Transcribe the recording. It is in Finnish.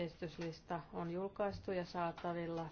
Esityslista on julkaistu ja saatavilla